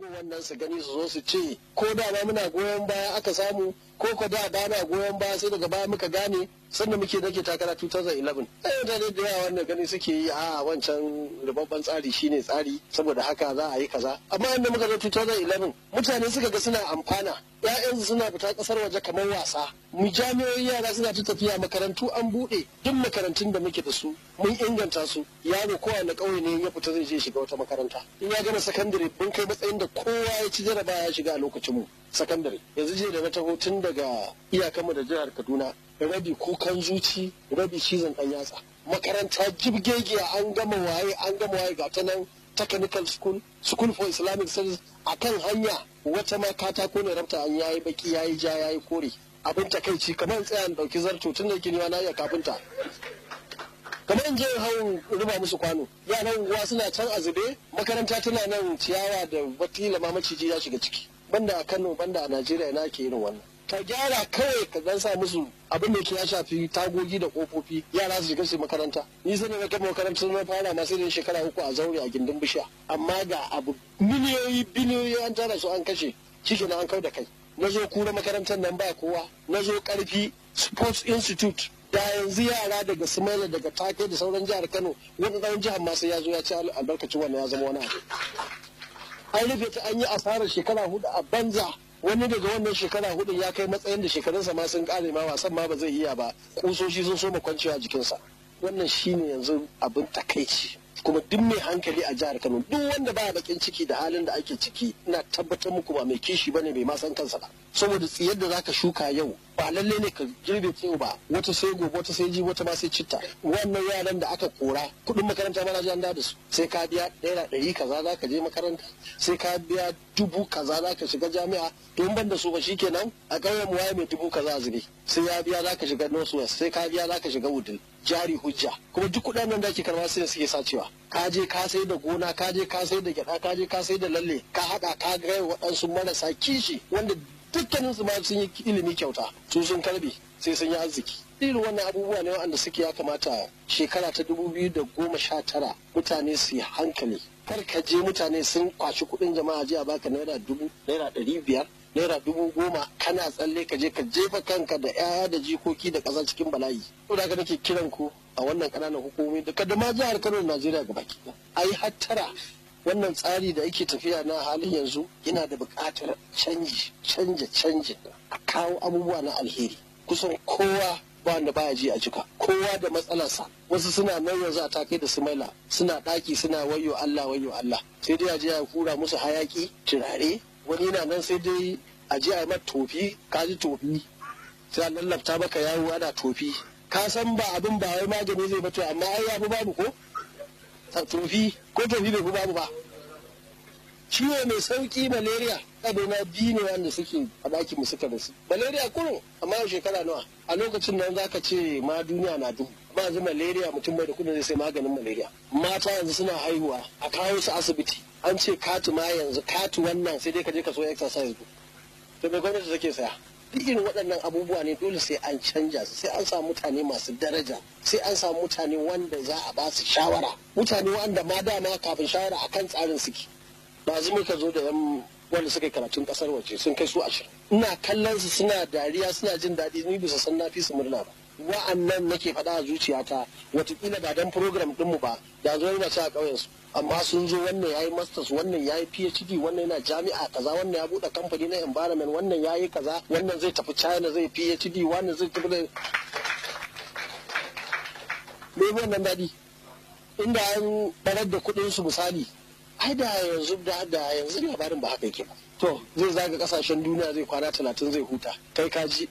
wannan wannan su gani su zo su ce ko da ma muna goyon baya aka samu ko ko da ba goyon baya sai daga baya muka gane sannan muke nake takara 2011 sai mutane da yawa wannan gani suke yi a wancan rubabban tsari shine tsari saboda haka za a yi kaza amma yadda muka zo 2011 mutane suka ga suna amfana ƴaƴansu suna fita ƙasar waje kamar wasa mu jami'o'in yara suna ta tafiya makarantu an buɗe duk makarantun da muke da su mun inganta su yaro kowa na ƙauye ne ya fita zai je shiga wata makaranta in ya gama sakandare mun kai matsayin da kowa ya ci jarabawa ya shiga a lokacin mu sakandare yanzu jiya da na taho tun daga iyakanmu da jihar kaduna rabi kukan zuci rabi cizon dan yatsa makaranta jibgege an gama waye an gama waye ga ta nan technical school school for islamic studies a kan hanya wata ma katako ne rabta an yayi baki yayi ja yayi kore abin takaici kamar tsayan dauki zarto tun da kiniwa na iya kafinta kamar in je hau ruba musu kwano yaran uwa suna can azube makaranta tana nan ciyawa da wata ma maciji ya shiga ciki banda a Kano banda a Najeriya na ke irin wannan ka gyara kawai ka dan sa musu abin da ke ya shafi tagogi da kofofi yara su shiga su makaranta ni sai na kama makarantar na fara ma sai shekara uku a zaure a gindin bishiya amma ga abu miliyoyi biliyoyi an tara su an kashe shi na an kau da kai na zo kura makarantar nan ba kowa na zo karfi sports institute da yanzu yara daga sumaila daga take da sauran jihar kano wani ɗan jihar masu ya zo ya ci albarkacin wannan ya zama wani abu an rufe ta an yi asarar shekara hudu a banza wani daga wannan shekara hudu ya kai matsayin da shekarunsa ma sun kare ma wasan ma ba zai iya ba kusoshi sun soma kwanciya jikinsa wannan shine yanzu abin takaici kuma duk mai hankali a jihar Kano duk wanda ba a bakin ciki da halin da ake ciki na tabbatar muku ba mai kishi bane bai ma san kansa ba saboda tsiyar da zaka shuka yau ba lalle ne ka girbe cewa ba wata sai gobe wata sai ji wata ba sai citta wannan yaran da aka kora kuɗin makaranta mana ji an da su sai ka biya da ɗari kaza za ka je makaranta sai ka biya dubu kaza za ka shiga jami'a to ban da su ba shikenan a ƙauyen mu waye mai dubu kaza a zube sai ya biya za ka shiga northwest sai ka biya za ka shiga wudin jari hujja kuma duk kuɗaɗen nan da ake karɓa sai suke sacewa ka je ka sai da gona ka je ka sai da gyaɗa ka je ka sai da lalle ka haɗa ka ga waɗansu marasa kishi wanda su ma sun yi ilimi kyauta su sun karbe sai sun yi arziki irin wannan abubuwa ne wanda suke ya kamata shekara ta dubu biyu da goma sha tara mutane su yi hankali kar ka je mutane sun kwashi kuɗin jama'a jiya baka naira dubu naira ɗari biyar naira dubu goma kana tsalle ka je ka jefa kanka da 'ya'ya da jikoki da ƙasa cikin bala'i to da nake kiran ku a wannan ƙananan hukumomi da kada ma jihar Kano Najeriya gaba ki a yi hattara wannan tsari da ake tafiya na halin yanzu yana da buƙatar canji canja canji a kawo abubuwa na alheri kusan kowa ba na baya ji a jika kowa da matsalarsa wasu suna nan yanzu a take da sumaila suna ɗaki suna wayo Allah wayo Allah sai dai a je a kura musu hayaki turare wani yana nan sai dai a je a yi mata tofi ka ji tofi sai a lallabta maka yawo ana tofi ka san ba abin ba wai magani zai bato amma ai ya babu ko tofi ko tofi bai babu ba ciwo mai sauki malaria na biyu ne wanda suke a daki mu suka rasu malaria kurun amma yau shekara nawa a lokacin nan zaka ce ma duniya na duhu ba yanzu malaria mutum bai da kudin zai sai maganin malaria mata yanzu suna haihuwa a kawo su asibiti an ce katu ma yanzu katu wannan sai dai ka je ka so exercise to me gwamnati take saya irin waɗannan abubuwa ne dole sai an canja su sai an samu mutane masu daraja sai an samu mutane wanda za a ba su shawara mutane wanda ma dama kafin shawara akan tsarin suke ba muka zo da yan wanda suka yi karatun kasar waje sun kai su ashirin ina kallon su suna dariya suna jin daɗi ni bisa san na fi su murna ba wa'annan nake faɗa a zuciyata watakila ba dan program ɗinmu ba da zo yana a ƙauyen su amma sun zo wannan yayi masters wannan yayi phd wannan yana jami'a kaza wannan ya buɗe kamfani na environment wannan yayi kaza wannan zai tafi china zai phd wannan zai tafi da me wannan daɗi inda an barar da kuɗin su misali ai da yanzu da da yanzu labarin ba haka yake ba to zai zaga kasashen duniya zai kwana talatin zai huta kai kaji